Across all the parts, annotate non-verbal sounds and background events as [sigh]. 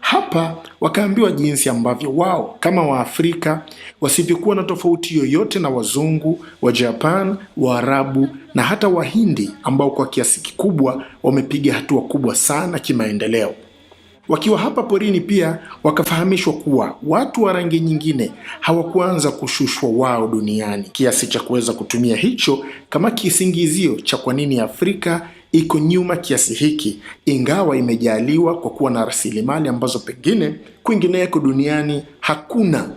Hapa wakaambiwa jinsi ambavyo wao kama Waafrika wasivyokuwa na tofauti yoyote na wazungu wa Japan, Waarabu na hata Wahindi ambao kwa kiasi kikubwa wamepiga hatua kubwa sana kimaendeleo. Wakiwa hapa porini pia wakafahamishwa kuwa watu wa rangi nyingine hawakuanza kushushwa wao duniani kiasi cha kuweza kutumia hicho kama kisingizio cha kwa nini Afrika iko nyuma kiasi hiki, ingawa imejaliwa kwa kuwa na rasilimali ambazo pengine kwingineko duniani hakuna.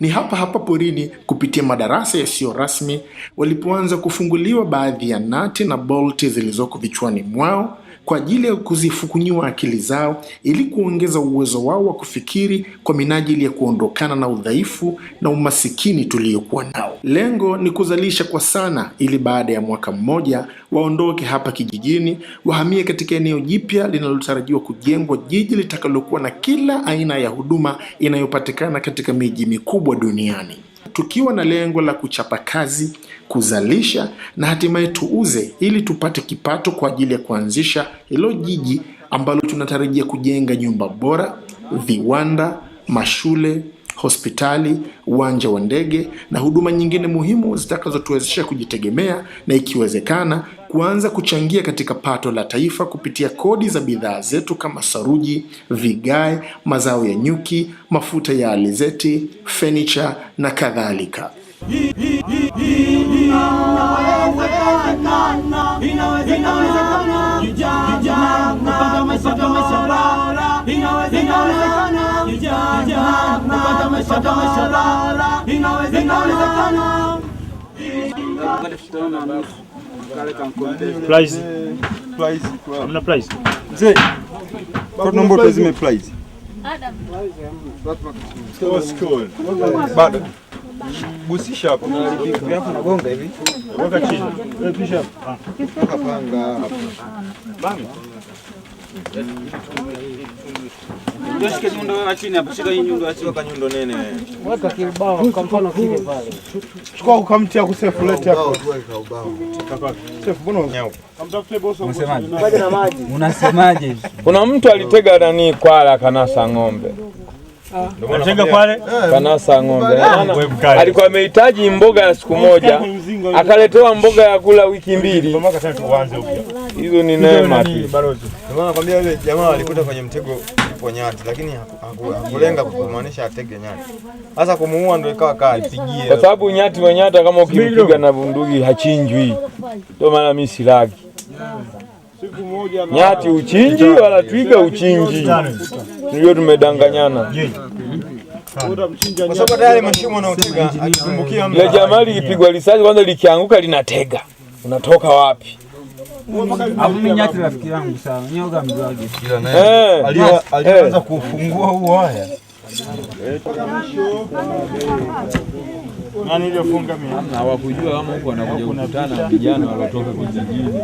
Ni hapa hapa porini, kupitia madarasa yasiyo rasmi, walipoanza kufunguliwa baadhi ya nati na bolti zilizoko vichwani mwao kwa ajili ya kuzifukunyiwa akili zao ili kuongeza uwezo wao wa kufikiri kwa minajili ya kuondokana na udhaifu na umasikini tuliyokuwa nao. Lengo ni kuzalisha kwa sana, ili baada ya mwaka mmoja waondoke hapa kijijini, wahamie katika eneo jipya linalotarajiwa kujengwa, jiji litakalokuwa na kila aina ya huduma inayopatikana katika miji mikubwa duniani tukiwa na lengo la kuchapa kazi, kuzalisha na hatimaye tuuze ili tupate kipato kwa ajili ya kuanzisha hilo jiji ambalo tunatarajia kujenga nyumba bora, viwanda, mashule hospitali, uwanja wa ndege na huduma nyingine muhimu zitakazotuwezesha kujitegemea na ikiwezekana kuanza kuchangia katika pato la taifa kupitia kodi za bidhaa zetu kama saruji, vigae, mazao ya nyuki, mafuta ya alizeti, fenicha na kadhalika. Inawezekana, inawezekana, inawezekana, Prize. Prize. Hamna prize. Je. Kwa tunaomba zime prize. Adam. Score score. Bado. Busisha hapo. Hapo nagonga hivi. Ah. Weka chini. Wewe pisha hapo. Kapanga hapo. Bang. Shika nyundo chini shika nyundo ya chini nyundo nene. Weka kibao kwa mfano kile pale. Chukua ukamtia lete hapo. Weka ubao. Kamtafute wangu. Unasemaje na maji? Unasemaje? Kuna mtu alitega nani kwala kanasa ng'ombe. Ah. Eh. kanasa ng'ombe. Alikuwa amehitaji mboga ya siku moja. Akaletewa mboga ya kula wiki mbili hizo ni neema tu. Nakwambia yule jamaa alikuta kwenye mtego kwa nyati, lakini hakulenga kumaanisha atege nyati. Sasa kumuua ndio ikawa kali, kwa sababu nyati wa nyata kama ukimpiga na bunduki hachinjwi. Ndio maana mimi silaki nyati uchinji wala twiga uchinji, ndio tumedanganyana ile jamali ikipigwa risasi kwanza likianguka linatega, unatoka wapi? Nyati rafiki yangu sana, nyoga mzage. Eh, eh. Alianza kufungua huo waya. Nani iliyofunga mimi? Hawakujua kama huko wanakuja kukutana na vijana waliotoka kijijini.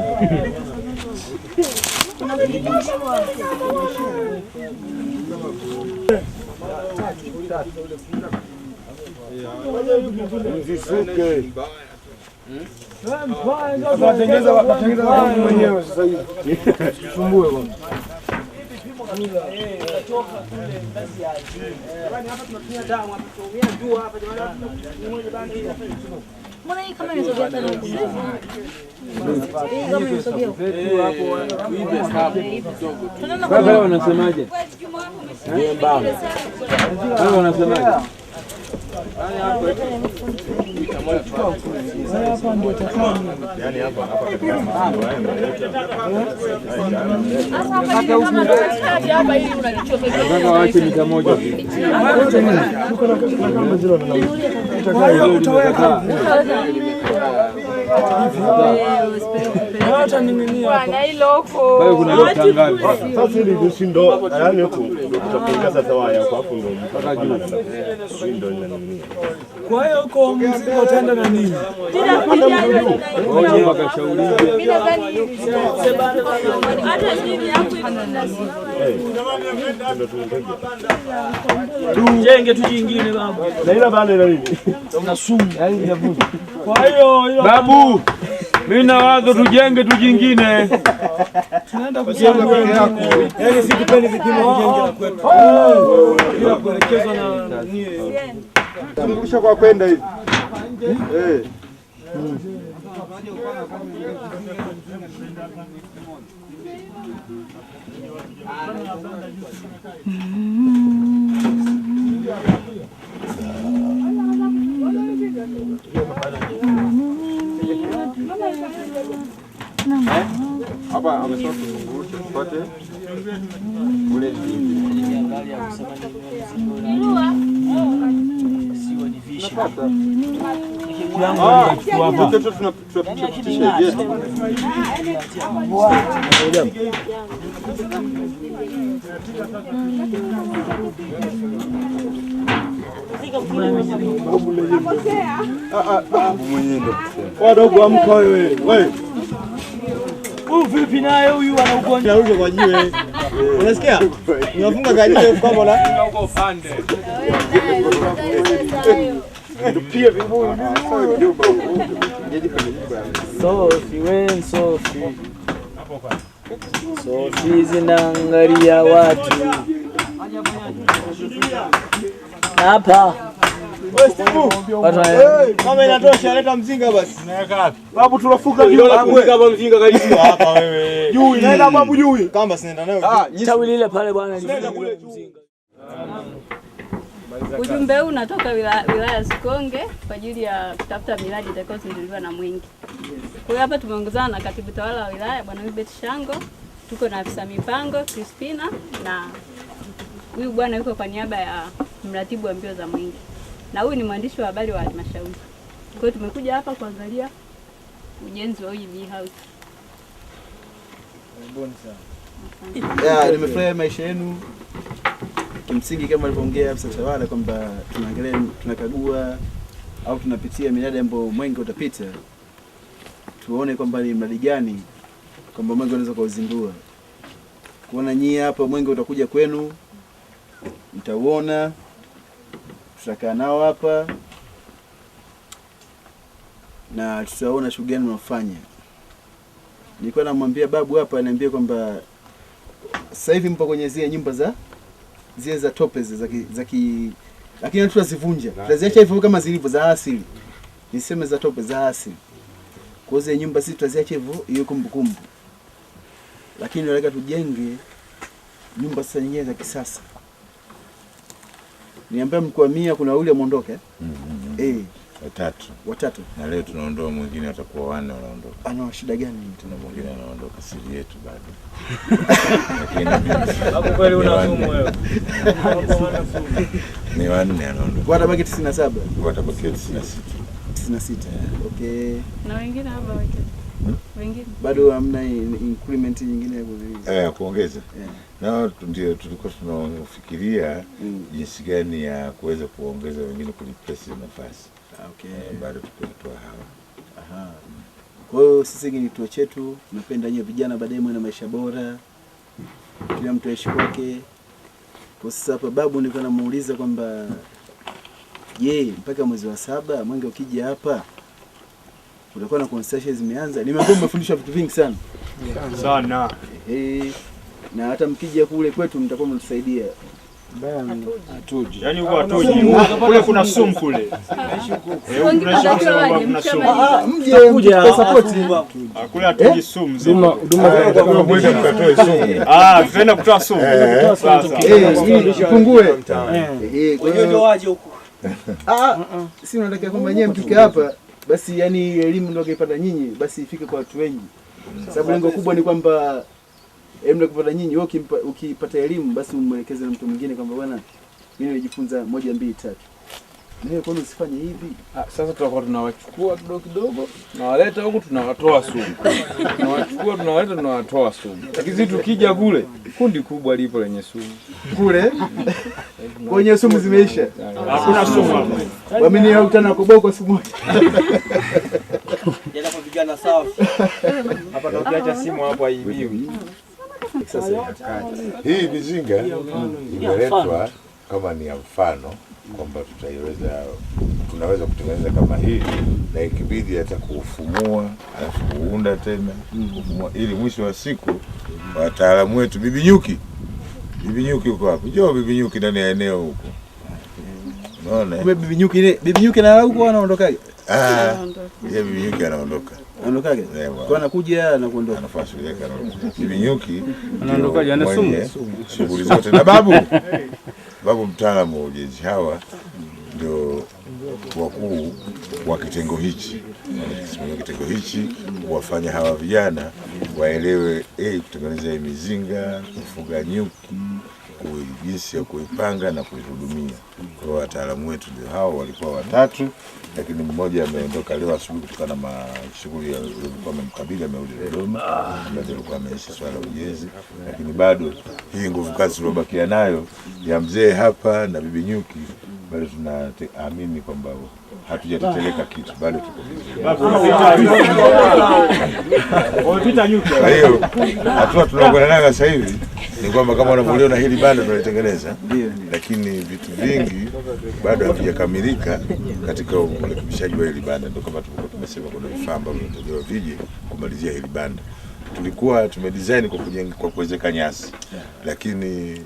Mzisuke. vamos wangu mwenyewe sasa hivi. Sumbue bwana. Mbona hii kama inasogea sana huko? Kama inasogea wanasemaje? wanasemaje? hapa ndio takaa wache mita moja. Kuna dokta ngapi? Sasa hili ndio, yaani huku utapunguza dawa Kwa hiyo uko mzigo utaenda na nini? Ngoja tu jingine babu. Na ila bana ila nini? Una sumu. Yaani kwa hiyo babu mimi na wazo tujenge tu jingine. Tunaenda kujenga yaani oh, oh, kwetu. Oh. na kwa kwenda hivi. Eh. Hmm. Hapa amesema tuzungushe tupate ule mwenendo Wadogo amka wewe. Wewe. Huyu vipi naye huyu ana ugonjwa. Narusha kwa jiwe. [laughs] Unasikia? Unafunga kwa jiwe kwa bora. So si wen so si. So si kwa. zinaangalia watu. Hapa. Kama inatosha leta mzinga basi. Babu juu. mzinga karibu hapa wewe. Juu babu juu. sinaenda nayo. Ah, tawi lile pale bwana. Ujumbe huu unatoka wilaya Sikonge kwa ajili ya kutafuta miradi itakayozinduliwa na Mwingi. Kwa hiyo hapa tumeongozana na katibu tawala wa wilaya Bwana Wilbert Shango, tuko na afisa mipango Crispina na huyu bwana yuko kwa niaba ya mratibu wa mbio za Mwingi na huyu ni mwandishi wa habari wa halmashauri. Kwa hiyo tumekuja hapa kuangalia ujenzi wa OB house. Nimefurahi maisha yenu. Kimsingi kama alivyoongea afisa tawala kwamba tunaangalia, tunakagua au tunapitia miradi ambayo mwenge utapita, tuone kwamba ni mradi gani kwamba mwenge unaweza kuuzindua. Kuona nyie hapa mwenge utakuja kwenu, mtauona tutakaa nao hapa na tutaona shughuli gani mnafanya. Nilikuwa namwambia babu hapa, aniambia kwamba sasa hivi mpo kwenye zile nyumba za zile za tope za za ki, lakini tutazivunja, tutaziacha hivyo kama zilivyo za asili, niseme za tope za asili. Kwa hiyo nyumba sisi tutaziacha hivyo, hiyo kumbukumbu, lakini nataka tujenge nyumba sasa nyingine za kisasa niambia mlikuwa mia, kuna yule mwondoke mm -hmm. watatu watatu, na leo tunaondoa mwingine, atakuwa wanne wanaondoka. Ana ah, shida gani? Tuna mwingine anaondoka, siri yetu bado. Lakini [laughs] kweli una sumu wewe, ni wanne anaondoka, watabaki tisini na saba watabaki tisini na sita tisini sita Okay, na wengine hapa wakati wengine bado hamna increment nyingine ya kuzidi eh, kuongeza yeah. Na ndio tulikuwa tunafikiria mm. jinsi gani ya kuweza kuongeza wengine kuliplace nafasi ah, okay. Eh, bado tukiwatoa hawa aha mm. Kwa hiyo sisi ni kituo chetu, tunapenda nyie vijana baadaye mwe na maisha bora, kila mtu aishi kwake. Kwa sasa hapa babu nilikuwa namuuliza kwamba je, mpaka mwezi wa saba mwenge ukija hapa kutakuwa na consultation zimeanza. Nimekuwa mmefundishwa vitu vingi sana sana, eh, na hata mkija kule kwetu mtakuwa mnatusaidia. Yaani huko Kule kuna kule. Kule ah, eh? ah, eh. ah, tutaenda kutoa sumu. Eh. Pungue. Wenyewe ndio waje huko. Ah, si unataka kwamba nyewe hapa basi yani elimu ndio kaipata nyinyi, basi ifike kwa watu wengi, sababu lengo kubwa ni kwamba elimu ndio nyinyi. Wewe ukipata elimu, basi umwelekeze na mtu mwingine kwamba bwana, mimi nimejifunza moja mbili tatu. Mimi kwani usifanye hivi. Ah, sasa tutakuwa tunawachukua kidogo kidogo, tunawaleta huku tunawatoa sumu. Tunawachukua tunawaleta tunawatoa sumu. Lakini tukija kule kundi kubwa lipo lenye sumu. Kule [laughs] kwenye sumu zimeisha. Hakuna sumu Wamini Waamini tena koboko sumu Jana kwa vijana safi. Hapa ndio ukiacha simu hapo haibiwi. Hii mizinga imeletwa kama ni ya mfano kwamba tutaiweza tunaweza kutengeneza kama hii na ikibidi hata kuufumua alafu kuunda tena kufumua, ili mwisho wa siku wataalamu wetu. Bibi Nyuki, Bibi Nyuki uko hapo, njoo Bibi Nyuki ndani ya eneo huko, unaona kumbe Bibi Nyuki ile Bibi Nyuki na huko, anaondoka. Ah, yeye Bibi Nyuki anaondoka anaondokaje? Eh, Kwa anakuja na kuondoka, anafanya shughuli yake. Bibi Nyuki anaondokaje? Ana sumu shughuli zote na babu [laughs] babu mtaalamu wa ujenzi. Hawa ndio wakuu wa kitengo hichi, wanakisimamia kitengo hichi kuwafanya hawa vijana waelewe hey, eh, kutengeneza mizinga, kufuga nyuki, jinsi ya kuipanga na kuihudumia wataalamu wetu ndio hao, walikuwa watatu, lakini mmoja ameondoka leo asubuhi kutokana na shughuli yalikuwa amemkabili, amerudi Dodoma, ambazo alikuwa ameisha swala ujenzi. Lakini bado hii nguvu kazi tuliobakia nayo ya mzee hapa na bibi Nyuki, bado tunaamini kwamba hatujateteleka kitu bado, tuko vizuri. Ah, [laughs] kwa hiyo hatua tunakwenda nayo sasa hivi ni kwamba kama unavyoliona hili banda tunalitengeneza, lakini vitu vingi bado havijakamilika katika urekebishaji wa hili banda. Ndio kama tulikuwa tumesema kuna vifaa ambavyo tunajua vije kumalizia hili banda. Tulikuwa tumedesign kwa kuwezeka nyasi, lakini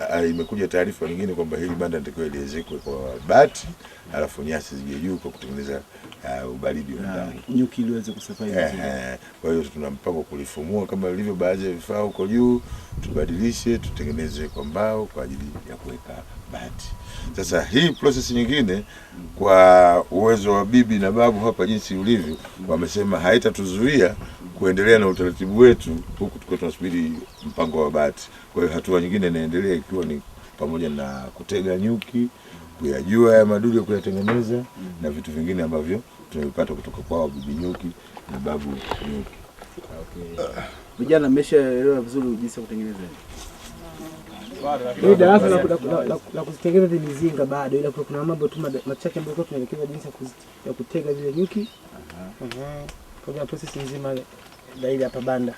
Ah, imekuja taarifa nyingine kwamba hili banda litakiwa liezekwe kwa bati alafu nyasi zije juu kwa kutengeneza uh, ubaridi wa ndani nyuki iliweze kusurvive. Eh, kwa hiyo tuna mpango kulifumua kama lilivyo baadhi ya vifaa huko juu, tubadilishe, tutengeneze kwa mbao kwa ajili ya kuweka bati. Sasa hii process nyingine, kwa uwezo wa bibi na babu hapa jinsi ulivyo, wamesema haitatuzuia kuendelea na utaratibu wetu huku tukiwa tunasubiri mpango wa bati. Kwa hiyo hatua nyingine inaendelea ikiwa ni pamoja na kutega nyuki, kuyajua ya madudu ya kuyatengeneza na vitu vingine ambavyo tunavipata kutoka kwao bibi nyuki na babu nyuki. Okay. Vijana uh, mmeshaelewa vizuri jinsi ya kutengeneza hii darasa la kuzitengeneza zile mizinga bado, ila kuna mambo tu machache ambayo tunaelekeza jinsi ya kutega zile nyuki pamoja na prosesi nzima ile hapa banda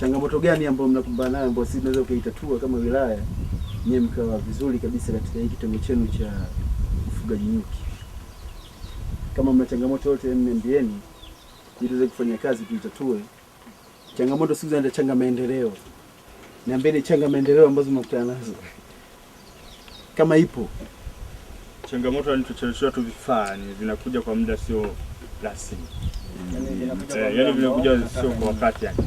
changamoto gani ambayo mnakumbana nayo ambayo sisi tunaweza kuitatua kama wilaya, nyewe mkawa vizuri kabisa katika hii kitengo chenu cha ufugaji nyuki? Kama mna changamoto yote mniambieni, ili tuweze kufanya kazi tuitatue. Changamoto siku zinaenda changa maendeleo, niambieni changa maendeleo ambazo mnakutana nazo kama ipo changamoto. Ni tucheleweshwa tu, vifaa vinakuja kwa muda sio rasmi. Eh, yaani vinakuja sio kwa wakati yani.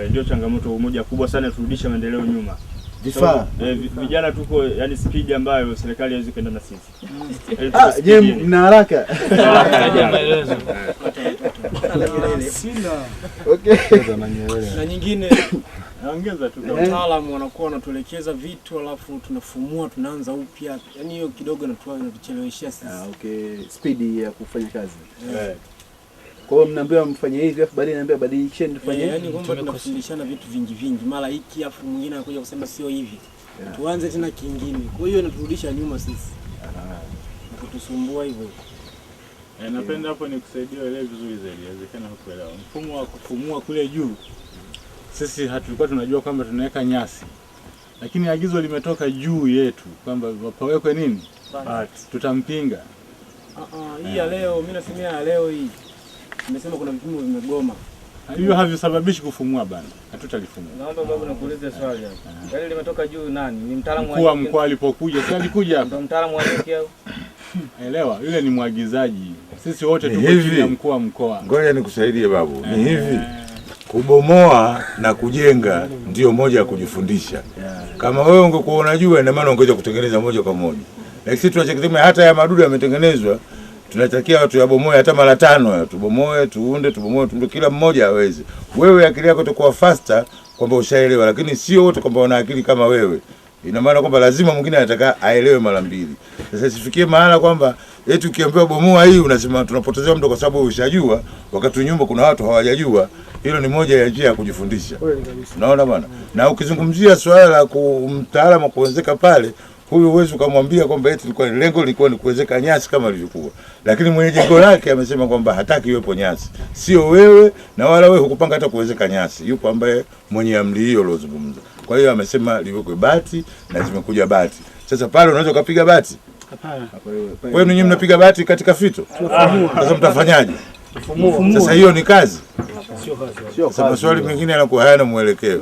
Eh, ndio changamoto moja kubwa sana, turudisha maendeleo nyuma. Vifaa eh, vijana tuko yani spidi ambayo serikali haiwezi kwenda na sisi. Mm. Ah, je, [laughs] mna haraka? Sina. Okay. Na nyingine naongeza tu, wataalamu wanakuwa wanatuelekeza vitu alafu tunafumua tunaanza upya, yaani hiyo kidogo inatuchelewesha sisi. Ah, okay. Spidi ya kufanya kazi. Yeah. Kwa hiyo mnaambiwa mfanye hivi afu baadaye naambia badilisheni eh, tufanye hivi. Yaani kwamba tunafundishana vitu vingi vingi. Mara hiki afu mwingine anakuja kusema sio hivi. Yeah. Tuanze tena kingine. Kwa hiyo inaturudisha nyuma sisi. Ah. Kutusumbua hivyo. yeah, yeah. napenda hapo nikusaidie uelewe vizuri zaidi. Inawezekana hukuelewa. Mfumo wa kufumua kule juu. Sisi hatulikuwa tunajua kwamba tunaweka nyasi. Lakini agizo limetoka juu yetu kwamba wapawekwe nini? But, tutampinga. Ah uh ah, -uh, hii ya leo mimi nasemea leo hii. Nimesema kuna vipimo vimegoma. Hiyo havisababishi kufumua bana. Hatutalifumua. Naomba baba nakuulize swali hapa. Ah. Gari yaani limetoka juu nani? Ni mtaalamu wa mkoa alipokuja. Sasa alikuja hapa. Ndio mtaalamu wa hiki au? Elewa, yule ni mwagizaji. Sisi wote tuko chini ya mkuu wa mkoa. Ngoja nikusaidie babu. Ni eh. hivi. Kubomoa na kujenga ndio moja ya kujifundisha. Kama wewe ungekuwa unajua, ina maana ungeweza kutengeneza moja kwa moja. Lakini sisi tunachokisemea hata ya madudu yametengenezwa tunatakiwa tuyabomoe hata mara tano, tubomoe, tuunde, tubomoe, tuunde, kila mmoja aweze. Wewe akili yako itakuwa faster kwamba ushaelewa, lakini sio wote kwamba wana akili kama wewe. Ina maana kwamba lazima mwingine anataka aelewe mara mbili. Sasa sifikie mahala kwamba eti ukiambiwa bomoa hii unasema tunapotezea mtu kwa sababu ushajua, wakati nyumba kuna watu hawajajua. Hilo ni moja ya njia ya kujifundisha, naona bwana. Na ukizungumzia swala la kumtaalamu kuwezeka pale Huyu uwezo ukamwambia kwamba eti ilikuwa lengo lilikuwa ni kuwezeka nyasi kama lilivyokuwa, lakini mwenye jengo lake amesema kwamba hataki iwepo nyasi, sio wewe na wala wewe hukupanga hata kuwezeka nyasi. Yupo ambaye mwenye amri hiyo lozungumza. Kwa hiyo amesema liwekwe bati na zimekuja bati. Sasa pale unaweza ukapiga bati? Hapana. Wewe ninyi mnapiga bati katika fito? Sasa mtafanyaje? Sasa hiyo ni kazi. Sasa maswali mengine yanakuwa hayana mwelekeo.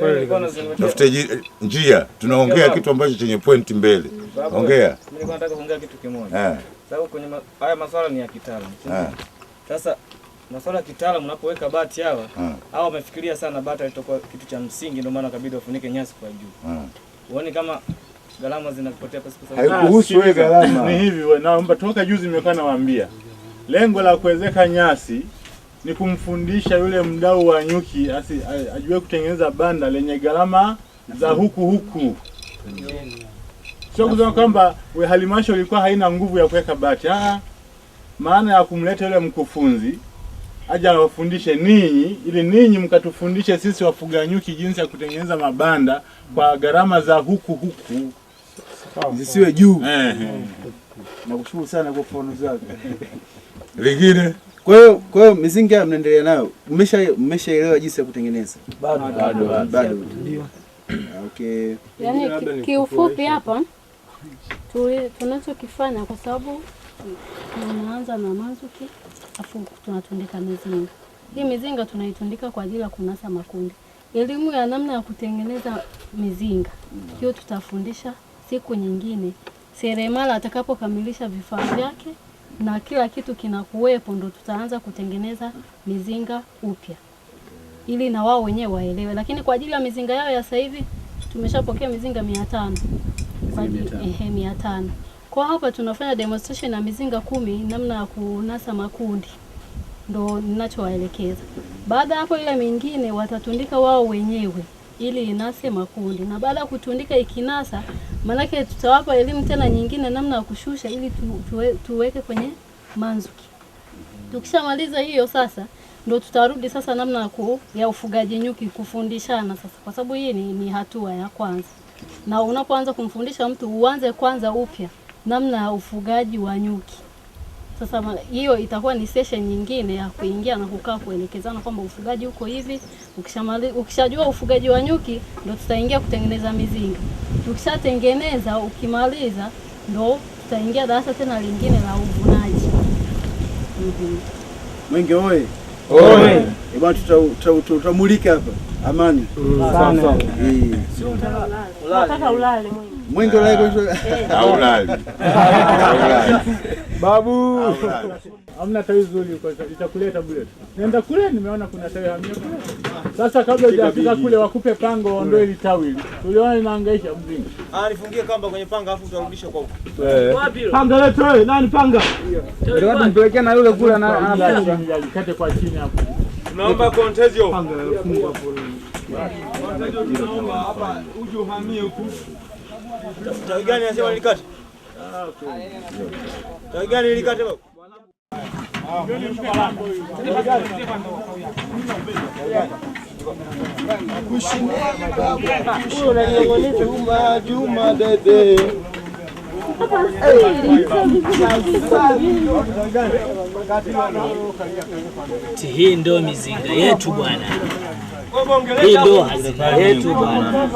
Tafute njia, tunaongea kitu ambacho chenye pointi mbele. Ongea. Nilikuwa Nataka kuongea kitu kimoja. Eh. Sababu kwenye haya maswala ni ya kitaalamu. Eh. Sasa maswala ya kitaalamu unapoweka bati hawa, eh. hawa wamefikiria sana bati litakuwa kitu cha msingi, ndio maana kabidi wafunike nyasi kwa juu. Uone kama gharama zinapotea pesa. sababu. Haikuhusu wewe gharama. [laughs] Ni hivi wewe, naomba toka juzi nimekaa nawaambia Lengo la kuwezeka nyasi ni kumfundisha yule mdau wa nyuki asi, ajue kutengeneza banda lenye gharama za huku huku, sio kusema kwamba halmashauri ilikuwa haina nguvu ya kuweka bati. Ah, maana ya kumleta yule mkufunzi aje awafundishe ninyi, ili ninyi mkatufundishe sisi wafuga nyuki jinsi ya kutengeneza mabanda kwa gharama za huku huku zisiwe juu. Nakushukuru sana kwa ufafanuzi wako. [laughs] lingine. Kwa hiyo kwa hiyo mizinga mnaendelea nayo, mmesha mmeshaelewa jinsi ya kutengeneza? Bado bado bado. Okay, yaani kiufupi hapa tunachokifanya kwa sababu tunaanza na mazuki afu tunatundika mizinga. Hii mizinga tunaitundika kwa ajili ya kunasa makundi. Elimu ya namna ya kutengeneza mizinga hiyo tutafundisha siku nyingine, seremala atakapokamilisha vifaa vyake na kila kitu kinakuwepo, ndo tutaanza kutengeneza mizinga upya ili na wao wenyewe waelewe. Lakini kwa ajili ya mizinga yao ya sasa hivi tumeshapokea mizinga mia tano mia tano kwa hapa tunafanya demonstration ya mizinga kumi, namna ya kunasa makundi, ndo ninachowaelekeza. Baada ya hapo, ile mingine watatundika wao wenyewe ili inase makundi, na baada ya kutundika ikinasa, maanake tutawapa elimu tena nyingine namna ya kushusha ili tu, tuwe, tuweke kwenye manzuki. Tukishamaliza hiyo sasa ndo tutarudi sasa namna ku, ya ufugaji nyuki kufundishana sasa, kwa sababu hii ni, ni hatua ya kwanza, na unapoanza kumfundisha mtu uanze kwanza upya namna ya ufugaji wa nyuki. Sasa hiyo itakuwa ni session nyingine ya kuingia na kukaa kuelekezana kwamba ufugaji uko hivi. Ukishamali, ukishajua ufugaji wa nyuki ndo tutaingia kutengeneza mizinga. tukishatengeneza ukimaliza, ndo tutaingia darasa tena lingine la uvunaji. Mhm. Mwenge oye! Oye! Eh, bwana, tutamulika hapa amani. Mm. Nataka ulale Mwenge mwenge ulali babu, amna tawi zuri, itakuleta tabule Nenda kule, nimeona kuna tawi hamia kule. Sasa kabla hujafika kule, wakupe pango, ondoe ile tawi, tuliona linahangaisha mzinga. Ah, nifungie kamba kwenye panga, afu utarudisha kwa huko. Eh. Wapi hilo panga letu? Wewe nani panga? watu mpelekea na yule kule, anapanga kate kwa chini hapo. Tunaomba kontezio panga, fungua hapo. Kontezio tunaomba hapa, uje uhamie huku Tawi gani anasema nilikate? Tawi gani nilikate baba? Juma dede. Hii ndo mizinga yetu bwana. Hii ndo hazina yetu bwana.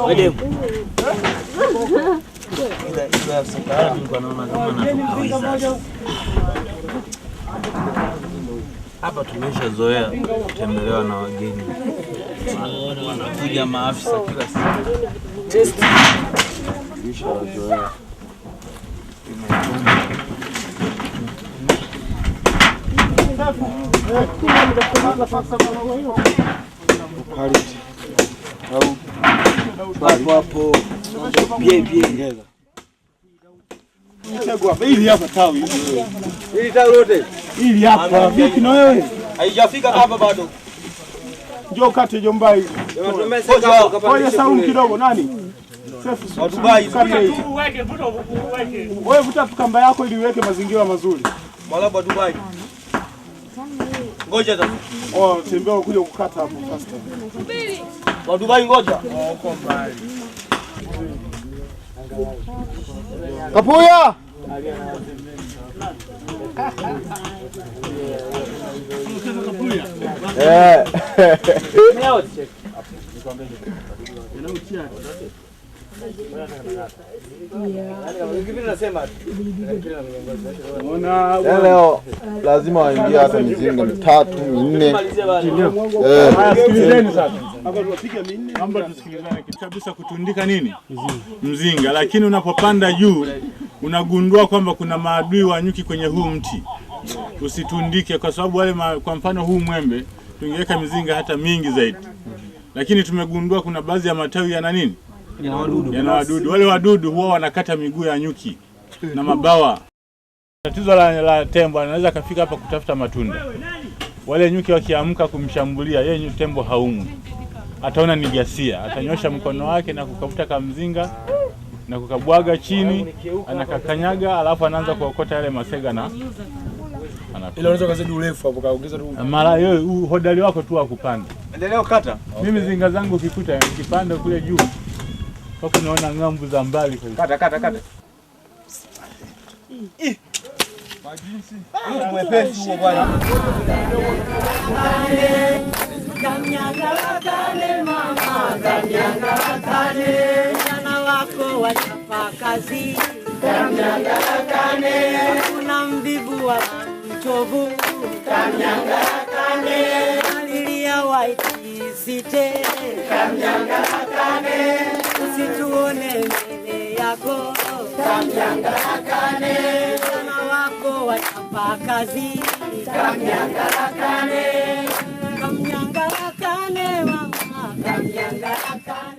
Hapa tumeshazoea kutembelewa na wageni, wanakuja maafisa kila siku. Hapo Bie bie. Hili hapa tawi hili. tawi lote. Hili hapa. Vipi na wewe? Haijafika hapa bado. Njoo kate jomba hili. Ngoja saumu kidogo nani? Wewe vuta kamba yako ili uweke mazingira mazuri. Malaba Dubai. Ngoja sasa. Oh, tembea kuja kukata hapo fasta. Wa Dubai ngoja. Oh, uko mbali. 가포야! 아, 예. [laughs] [laughs] 네. Leo lazima waingie hata mizinga mitatu minne. Sikilizeni sasa tusikilizane kabisa kutundika nini mzinga, lakini unapopanda juu unagundua kwamba kuna maadui wa nyuki kwenye huu mti, usitundike kwa sababu wale ma, kwa mfano huu mwembe tungeweka mizinga hata mingi zaidi, lakini tumegundua kuna baadhi ya matawi yana nini yana yaani wadudu, yana wadudu. Wale wadudu huwa wanakata miguu ya nyuki na mabawa. Tatizo la, la tembo anaweza akafika hapa kutafuta matunda, wale nyuki wakiamka kumshambulia yeye, tembo haumwi, ataona ni ghasia, atanyosha mkono wake na kukavuta kamzinga na kukabwaga chini, anakakanyaga, alafu anaanza kuokota yale masega na mara hiyo hodari wako tu akupanda. Endelea kata. Mimi zinga zangu ukikuta kipanda kule juu hapo naona ng'ambu za mbali Kata kata kata. Majinsi. wako wachapa kazi. Kuna wa mchovu. Alilia nasi tuone mbele yako, tamjangalakane wana wako wachapa kazi, tamjangalakane, tamjangalakane mama, tamjangalakane